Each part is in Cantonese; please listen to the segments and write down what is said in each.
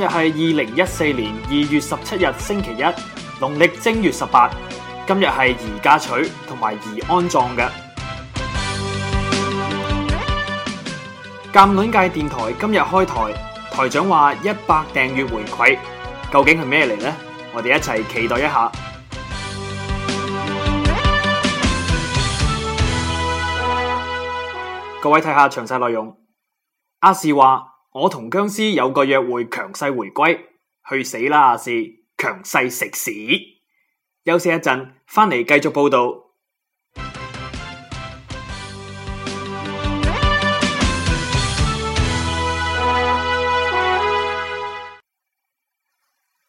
今日係二零一四年二月十七日星期一，農曆正月十八。今日係宜嫁娶同埋宜安葬嘅。鑒卵 界電台今日開台，台長話一百訂閱回饋，究竟係咩嚟呢？我哋一齊期待一下。 各位睇下詳細內容。阿士話。我同僵屍有個約會強勢回歸，去死啦！阿 s i 強勢食屎！休息一陣，翻嚟繼續報道。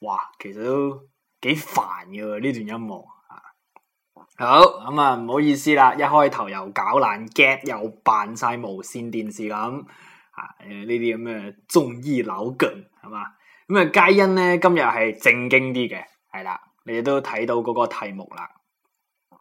哇，其實都幾煩嘅呢段音樂啊！好咁啊，唔、嗯、好意思啦，一開頭又搞爛 gap，又扮晒無綫電視咁。誒，呢啲咁嘅中醫腦梗係嘛？咁啊，皆因咧今日係正經啲嘅，係啦，你都睇到嗰個題目啦。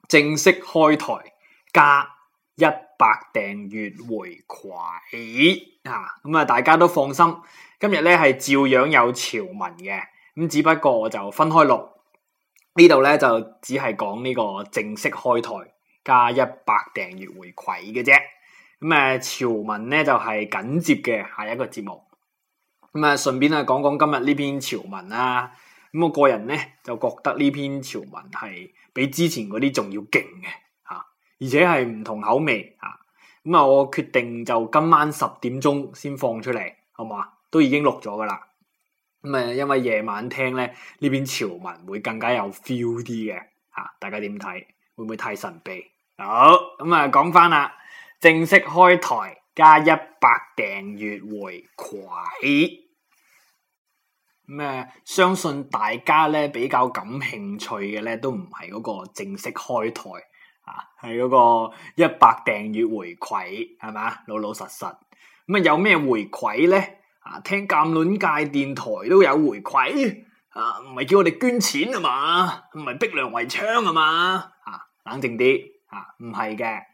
正式開台加一百訂閱回饋啊！咁啊，大家都放心。今日咧係照樣有潮文嘅，咁只不過就分開錄，呢度咧，就只係講呢個正式開台加一百訂閱回饋嘅啫。咁誒，潮、嗯、文咧就係、是、緊接嘅下一個節目。咁、嗯、啊，順便啊講講今日呢篇潮文啦。咁、嗯、我個人咧就覺得呢篇潮文係比之前嗰啲仲要勁嘅吓，而且係唔同口味吓。咁啊、嗯，我決定就今晚十點鐘先放出嚟，好唔好啊？都已經錄咗噶啦。咁、嗯、誒，因為夜晚聽咧呢篇潮文會更加有 feel 啲嘅吓，啊，大家點睇？會唔會太神秘？好，咁、嗯、啊，講翻啦。正式開台加一百訂閱回饋，咁、嗯、相信大家咧比較感興趣嘅咧都唔係嗰個正式開台啊，係嗰個一百訂閱回饋係嘛，老老實實咁啊、嗯，有咩回饋咧啊？聽鑒卵界電台都有回饋啊，唔係叫我哋捐錢係、啊、嘛，唔係逼良為娼係、啊、嘛啊？冷靜啲啊，唔係嘅。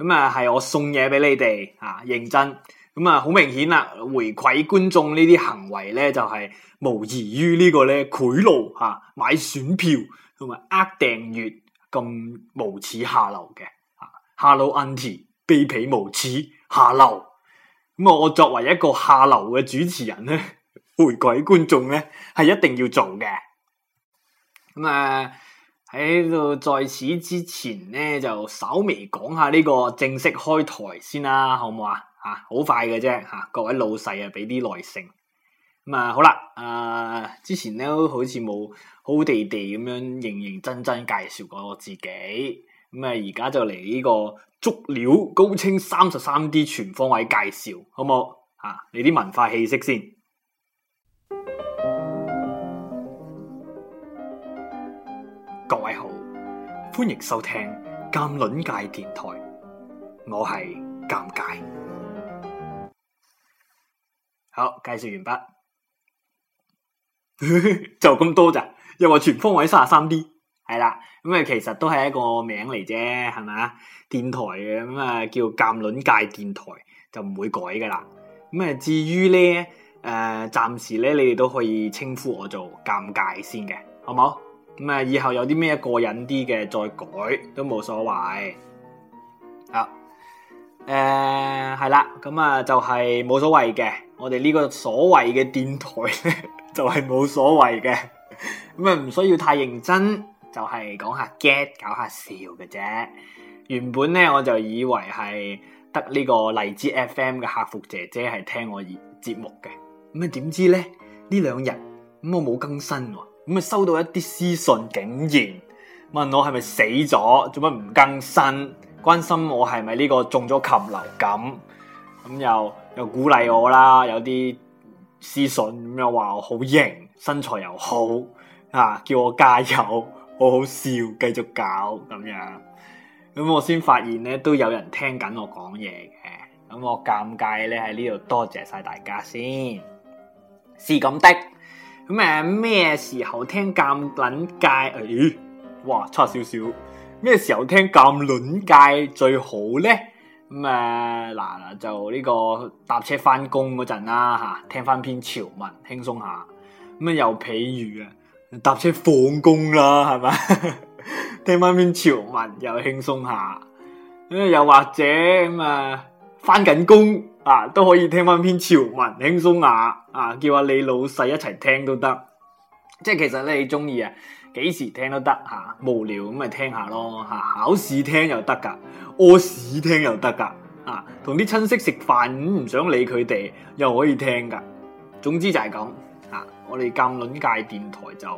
咁啊，係、嗯、我送嘢俾你哋啊！認真咁啊，好、嗯、明顯啦，回饋觀眾呢啲行為咧，就係、是、無疑於呢個咧賄賂吓，買選票同埋呃訂閱咁無恥下流嘅。啊、Hello，auntie 卑鄙無恥下流。咁啊、嗯，我作為一個下流嘅主持人咧，回饋觀眾咧，係一定要做嘅。咁、嗯、啊。呃喺度在此之前咧，就稍微講下呢個正式開台先啦，好唔好啊？吓，好快嘅啫，吓，各位老細啊，俾啲耐性。咁、嗯、啊，好啦，啊、呃，之前咧好似冇好好地地咁樣認認真真介紹過我自己。咁、嗯、啊，而家就嚟呢個足料高清三十三 D 全方位介紹，好唔好？吓、啊，你啲文化氣息先。歡迎收聽鑑論界電台，我係尷尬。好，介紹完畢， 就咁多咋？又話全方位三十三 D，係啦。咁啊，其實都係一個名嚟啫，係咪？電台嘅。咁啊，叫鑑論界電台就唔會改噶啦。咁啊，至於咧，誒、呃，暫時咧，你哋都可以稱呼我做尷尬先嘅，好冇？咁啊，以後有啲咩過癮啲嘅，再改都冇所謂。啊，誒、呃，係啦，咁啊，就係冇所謂嘅。我哋呢個所謂嘅電台咧， 就係冇所謂嘅。咁啊，唔需要太認真，就係、是、講下 get，搞下笑嘅啫。原本咧，我就以為係得呢個荔枝 FM 嘅客服姐姐係聽我節目嘅。咁啊，點知咧呢兩日咁我冇更新喎。咁咪收到一啲私信，竟然問我係咪死咗，做乜唔更新？關心我係咪呢個中咗禽流感，咁又又鼓勵我啦，有啲私信咁又話我好型，身材又好啊，叫我加油，好好笑，繼續搞咁樣，咁我先發現咧都有人聽緊我講嘢嘅，咁我尷尬咧喺呢度多謝晒大家先，是咁的。咁誒，咩、嗯、時候聽鑑論界？咦、欸？哇，差少少。咩時候聽鑑論界最好咧？咁、嗯、誒，嗱、呃、嗱，就呢、這個搭車翻工嗰陣啦吓，聽翻篇潮文，輕鬆下。咁、嗯、啊，又譬如啊，搭車放工啦，係咪？聽翻篇潮文又輕鬆下。誒、嗯，又或者咁啊，翻緊工。啊，都可以聽翻篇潮文輕鬆下啊，叫下你老細一齊聽都得。即係其實咧，你中意啊，幾時聽都得吓、啊。無聊咁咪聽下咯吓、啊，考試聽又得噶，屙屎聽又得噶啊。同啲親戚食飯唔想理佢哋，又可以聽噶。總之就係咁吓，我哋鑑論界電台就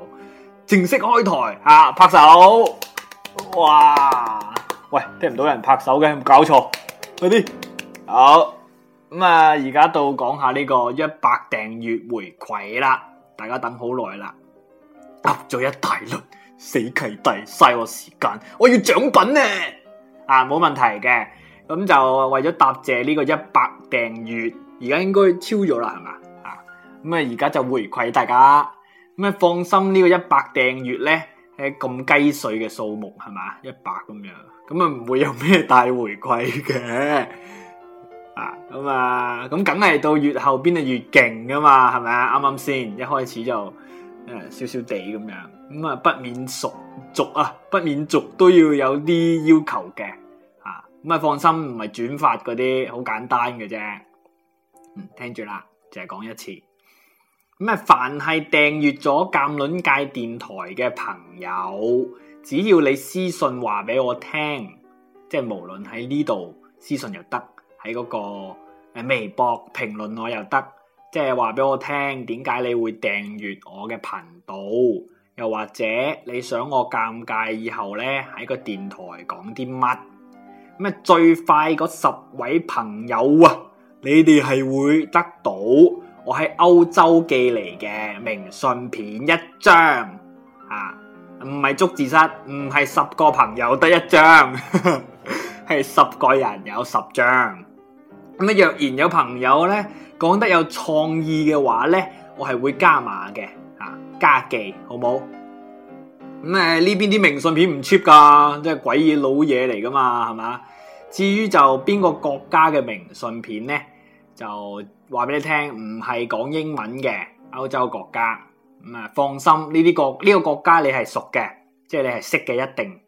正式開台吓、啊，拍手哇！喂，聽唔到人拍手嘅，有冇搞錯？快啲，好。咁啊，而家到講下呢個一百訂閱回饋啦，大家等好耐啦，答咗一大輪，死契弟，嘥我時間，我要獎品咧，啊，啊，冇問題嘅，咁就為咗答謝呢個一百訂閱，而家應該超咗啦，係嘛，啊，咁啊，而家就回饋大家，咁啊，放心呢個一百訂閱咧，係咁雞碎嘅數目，係嘛，一百咁樣，咁啊唔會有咩大回饋嘅。啊，咁、嗯、啊，咁梗係到越後邊就越勁噶嘛，係咪啊？啱啱先，一開始就誒，少少地咁樣，咁、嗯、啊，不免熟俗啊，不免俗都要有啲要求嘅，啊，咁、嗯、啊，放心，唔係轉發嗰啲，好簡單嘅啫。嗯，聽住啦，就係講一次。咁、嗯、啊，凡係訂閱咗鑑論界電台嘅朋友，只要你私信話俾我聽，即係無論喺呢度私信又得。喺嗰個誒微博評論我又得，即係話俾我聽，點解你會訂閱我嘅頻道，又或者你想我尷尬以後呢，喺個電台講啲乜？咁最快嗰十位朋友啊，你哋係會得到我喺歐洲寄嚟嘅明信片一張啊，唔係足字室，唔係十個朋友得一張，係 十個人有十張。咁啊，若然有朋友咧講得有創意嘅話咧，我係會加碼嘅啊，加技好冇？咁誒呢邊啲明信片唔 cheap 噶，即係鬼嘢老嘢嚟噶嘛，係嘛？至於就邊個國家嘅明信片咧，就話俾你聽，唔係講英文嘅歐洲國家，咁啊放心，呢啲國呢個國家你係熟嘅，即係你係識嘅一定。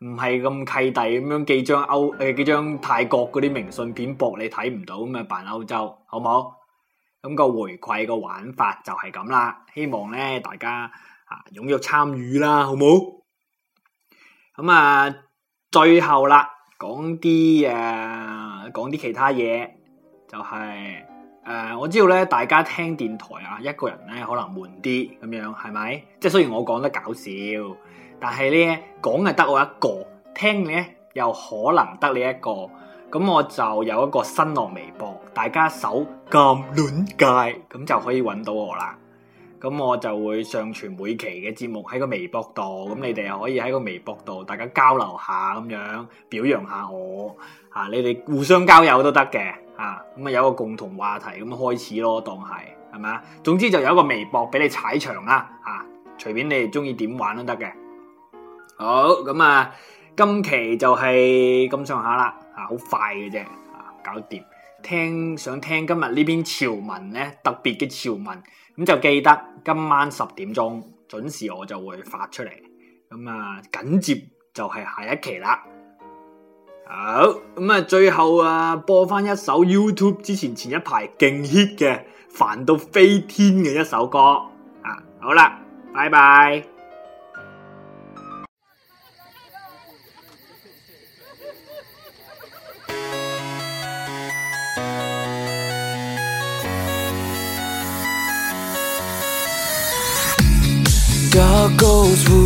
唔係咁契弟咁樣，寄張歐，誒，寄張泰國嗰啲明信片博你睇唔到，咁啊扮歐洲好唔好？咁、個回饋個玩法就係咁啦，希望咧大家啊踴躍參與啦，好唔好？咁、嗯、啊，最後啦，講啲誒、啊，講啲其他嘢，就係、是。誒、呃，我知道咧，大家聽電台啊，一個人咧可能悶啲咁樣，係咪？即係雖然我講得搞笑，但係咧講係得我一個，聽咧又可能得你一個。咁我就有一個新浪微博，大家搜咁亂界，咁 就可以揾到我啦。咁我就會上傳每期嘅節目喺個微博度，咁你哋又可以喺個微博度大家交流下咁樣，表揚下我，吓、啊、你哋互相交友都得嘅。啊，咁啊有一個共同話題咁開始咯，當係係咪？總之就有一個微博俾你踩場啦，啊，隨便你哋中意點玩都得嘅。好，咁啊，今期就係咁上下啦，啊，好快嘅啫，啊，搞掂。聽想聽今日呢篇潮文咧，特別嘅潮文，咁就記得今晚十點鐘準時我就會發出嚟。咁啊，緊接就係下一期啦。好，咁啊，最後啊，播翻一首 YouTube 之前前一排勁 hit 嘅，煩到飛天嘅一首歌啊，好啦，拜拜。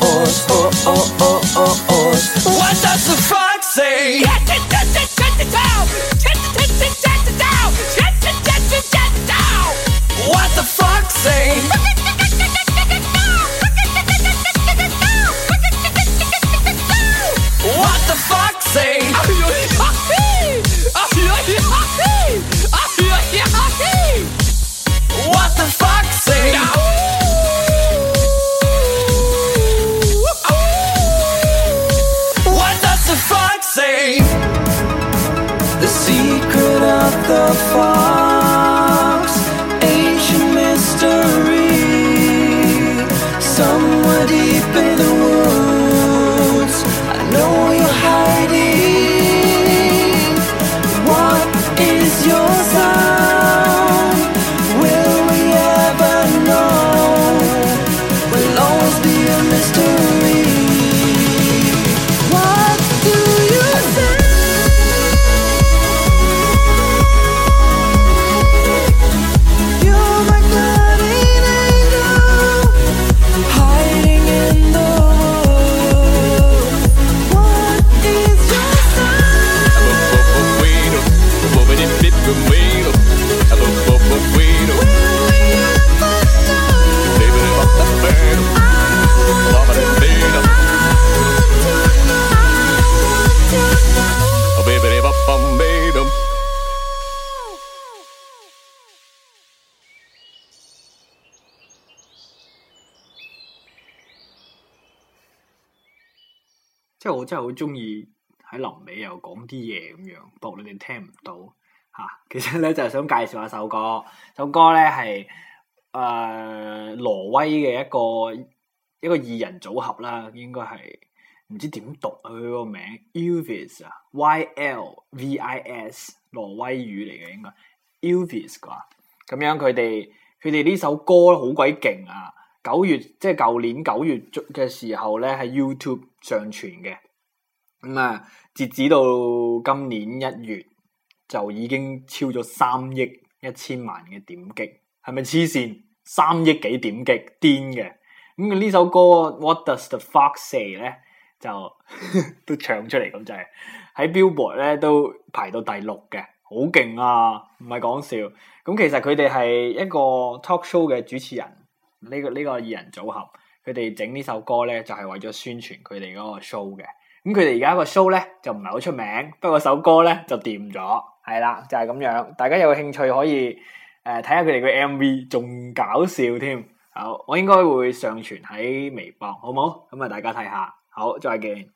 即係我真係好中意喺臨尾又講啲嘢咁樣，不過你哋聽唔到吓。其實咧就係、是、想介紹一下首歌，首歌咧係誒挪威嘅一個一個二人組合啦，應該係唔知點讀佢個名，Ylvis 啊，Y L V I S，挪威語嚟嘅應該，Ylvis 啩。咁樣佢哋佢哋呢首歌好鬼勁啊！九月即係舊年九月嘅時候咧，喺 YouTube 上傳嘅。咁、嗯、啊，截止到今年一月就已經超咗三億一千萬嘅點擊，係咪黐線？三億幾點擊，癲嘅。咁、嗯、呢首歌 What Does the Fox Say 咧，就 都唱出嚟咁就係喺 Billboard 咧都排到第六嘅，好勁啊！唔係講笑。咁、嗯、其實佢哋係一個 talk show 嘅主持人。呢個呢個二人組合，佢哋整呢首歌咧就係為咗宣傳佢哋嗰個 show 嘅。咁佢哋而家個 show 咧就唔係好出名，不過首歌咧就掂咗。係啦，就係咁樣。大家有興趣可以誒睇下佢哋嘅 MV，仲搞笑添。好，我應該會上傳喺微博，好唔好？咁啊，大家睇下。好，再見。